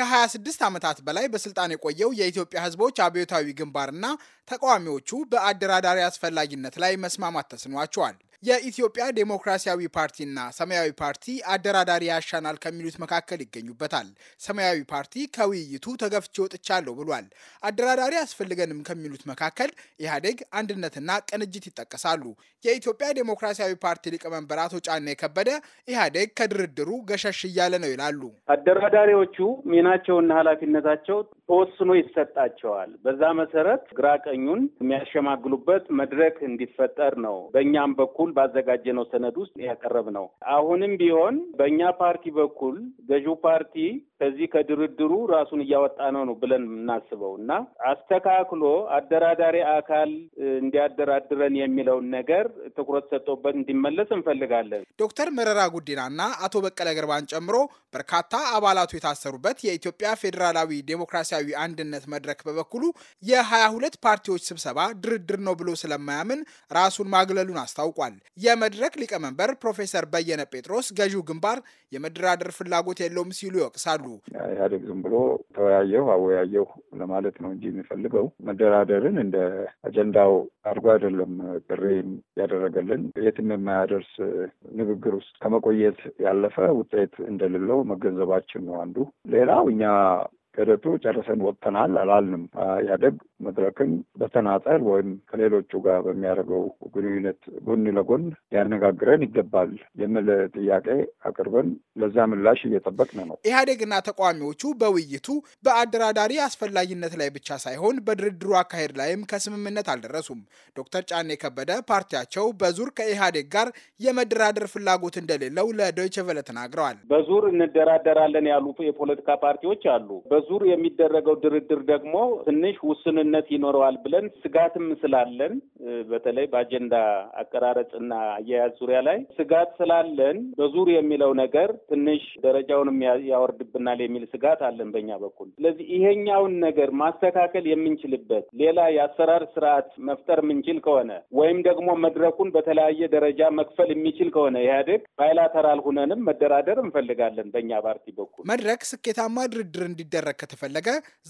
ከ26 ዓመታት በላይ በስልጣን የቆየው የኢትዮጵያ ህዝቦች አብዮታዊ ግንባርና ተቃዋሚዎቹ በአደራዳሪ አስፈላጊነት ላይ መስማማት ተስኗቸዋል። የኢትዮጵያ ዴሞክራሲያዊ ፓርቲና ሰማያዊ ፓርቲ አደራዳሪ ያሻናል ከሚሉት መካከል ይገኙበታል። ሰማያዊ ፓርቲ ከውይይቱ ተገፍቼ ወጥቻለሁ ብሏል። አደራዳሪ አስፈልገንም ከሚሉት መካከል ኢህአዴግ፣ አንድነትና ቅንጅት ይጠቀሳሉ። የኢትዮጵያ ዴሞክራሲያዊ ፓርቲ ሊቀመንበር አቶ ጫኔ ከበደ ኢህአዴግ ከድርድሩ ገሸሽ እያለ ነው ይላሉ። አደራዳሪዎቹ ሚናቸውና ኃላፊነታቸው ተወስኖ ይሰጣቸዋል። በዛ መሰረት ግራ ቀኙን የሚያሸማግሉበት መድረክ እንዲፈጠር ነው በእኛም በኩል ባዘጋጀነው ሰነድ ውስጥ ያቀረብ ነው። አሁንም ቢሆን በእኛ ፓርቲ በኩል ገዢው ፓርቲ ከዚህ ከድርድሩ ራሱን እያወጣ ነው ነው ብለን የምናስበው እና አስተካክሎ አደራዳሪ አካል እንዲያደራድረን የሚለውን ነገር ትኩረት ሰጥቶበት እንዲመለስ እንፈልጋለን። ዶክተር መረራ ጉዲናና አቶ በቀለ ገርባን ጨምሮ በርካታ አባላቱ የታሰሩበት የኢትዮጵያ ፌዴራላዊ ዴሞክራሲያዊ አንድነት መድረክ በበኩሉ የ22 ፓርቲዎች ስብሰባ ድርድር ነው ብሎ ስለማያምን ራሱን ማግለሉን አስታውቋል። የመድረክ ሊቀመንበር ፕሮፌሰር በየነ ጴጥሮስ ገዢው ግንባር የመደራደር ፍላጎት የለውም ሲሉ ይወቅሳሉ። ኢህአዴግ ዝም ብሎ ተወያየሁ አወያየሁ ለማለት ነው እንጂ የሚፈልገው መደራደርን እንደ አጀንዳው አድርጎ አይደለም ጥሪ ያደረገ ያደረገልን የትም የማያደርስ ንግግር ውስጥ ከመቆየት ያለፈ ውጤት እንደሌለው መገንዘባችን ነው አንዱ። ሌላው እኛ ገደቱ ጨርሰን ወጥተናል አላልንም። ኢህአዴግ መድረክን በተናጠል ወይም ከሌሎቹ ጋር በሚያደርገው ግንኙነት ጎን ለጎን ሊያነጋግረን ይገባል የሚል ጥያቄ አቅርበን ለዛ ምላሽ እየጠበቅን ነው። ኢህአዴግና ተቃዋሚዎቹ በውይይቱ በአደራዳሪ አስፈላጊነት ላይ ብቻ ሳይሆን በድርድሩ አካሄድ ላይም ከስምምነት አልደረሱም። ዶክተር ጫኔ ከበደ ፓርቲያቸው በዙር ከኢህአዴግ ጋር የመደራደር ፍላጎት እንደሌለው ለዶይቸ ተናግረዋል። በዙር እንደራደራለን ያሉ የፖለቲካ ፓርቲዎች አሉ። በዙር የሚደረገው ድርድር ደግሞ ትንሽ ውስንን ልዩነት ይኖረዋል ብለን ስጋትም ስላለን በተለይ በአጀንዳ አቀራረጽና አያያዝ ዙሪያ ላይ ስጋት ስላለን በዙር የሚለው ነገር ትንሽ ደረጃውንም ያወርድብናል የሚል ስጋት አለን በእኛ በኩል። ስለዚህ ይሄኛውን ነገር ማስተካከል የምንችልበት ሌላ የአሰራር ስርዓት መፍጠር የምንችል ከሆነ ወይም ደግሞ መድረኩን በተለያየ ደረጃ መክፈል የሚችል ከሆነ ኢህአዴግ ባይላተራል ሁነንም መደራደር እንፈልጋለን። በእኛ ፓርቲ በኩል መድረክ ስኬታማ ድርድር እንዲደረግ ከተፈለገ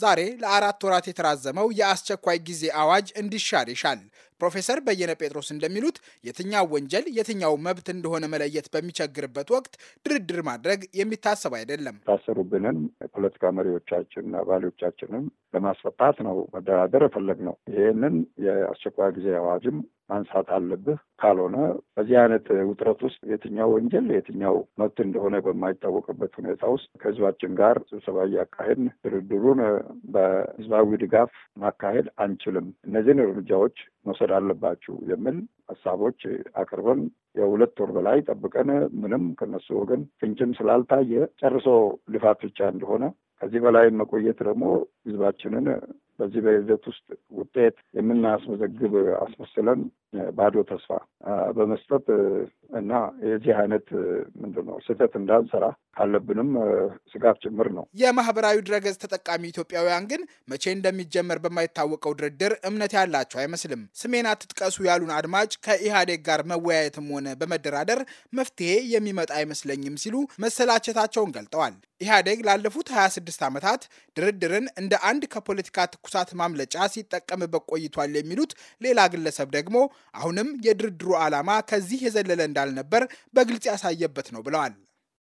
ዛሬ ለአራት ወራት የተራዘመው የ የአስቸኳይ ጊዜ አዋጅ እንዲሻር ይሻል። ፕሮፌሰር በየነ ጴጥሮስ እንደሚሉት የትኛው ወንጀል የትኛው መብት እንደሆነ መለየት በሚቸግርበት ወቅት ድርድር ማድረግ የሚታሰብ አይደለም። የታሰሩብንን የፖለቲካ መሪዎቻችንና አባሎቻችንም ለማስፈታት ነው መደራደር ነው። ይህንን የአስቸኳይ ጊዜ አዋጅም ማንሳት አለብህ። ካልሆነ በዚህ አይነት ውጥረት ውስጥ የትኛው ወንጀል የትኛው መብት እንደሆነ በማይታወቅበት ሁኔታ ውስጥ ከህዝባችን ጋር ስብሰባ እያካሄድን ድርድሩን በህዝባዊ ድጋፍ ማካሄድ አንችልም። እነዚህን እርምጃዎች መውሰድ አለባችሁ የሚል ሀሳቦች አቅርበን የሁለት ወር በላይ ጠብቀን ምንም ከነሱ ወገን ፍንጭም ስላልታየ ጨርሶ ልፋት ብቻ እንደሆነ ከዚህ በላይ መቆየት ደግሞ ህዝባችንን በዚህ በሂደት ውስጥ ውጤት የምናስመዘግብ አስመስለን ባዶ ተስፋ በመስጠት እና የዚህ አይነት ምንድን ነው ስህተት እንዳንሰራ አለብንም ስጋት ጭምር ነው። የማህበራዊ ድረገጽ ተጠቃሚ ኢትዮጵያውያን ግን መቼ እንደሚጀመር በማይታወቀው ድርድር እምነት ያላቸው አይመስልም። ስሜን አትጥቀሱ ያሉን አድማጭ ከኢህአዴግ ጋር መወያየትም ሆነ በመደራደር መፍትሄ የሚመጣ አይመስለኝም ሲሉ መሰላቸታቸውን ገልጠዋል። ኢህአዴግ ላለፉት 26 ዓመታት ድርድርን እንደ አንድ ከፖለቲካ ትኩሳት ማምለጫ ሲጠቀምበት ቆይቷል የሚሉት ሌላ ግለሰብ ደግሞ አሁንም የድርድሩ ዓላማ ከዚህ የዘለለ እንዳ እንዳልነበር በግልጽ ያሳየበት ነው ብለዋል።